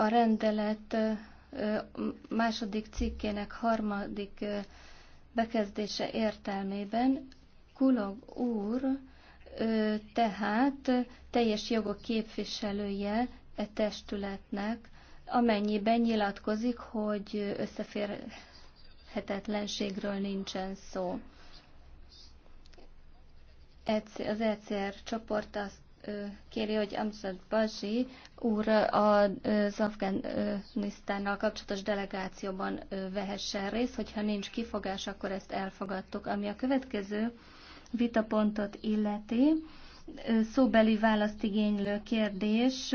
a rendelet második cikkének harmadik bekezdése értelmében Kulog úr tehát teljes jogok képviselője e testületnek, amennyiben nyilatkozik, hogy összeférhetetlenségről nincsen szó. Az ECR csoport azt kéri, hogy Amzad Bazsi úr az Afganisztánnal kapcsolatos delegációban vehessen részt. Hogyha nincs kifogás, akkor ezt elfogadtuk. Ami a következő vitapontot illeti, szóbeli választigénylő kérdés,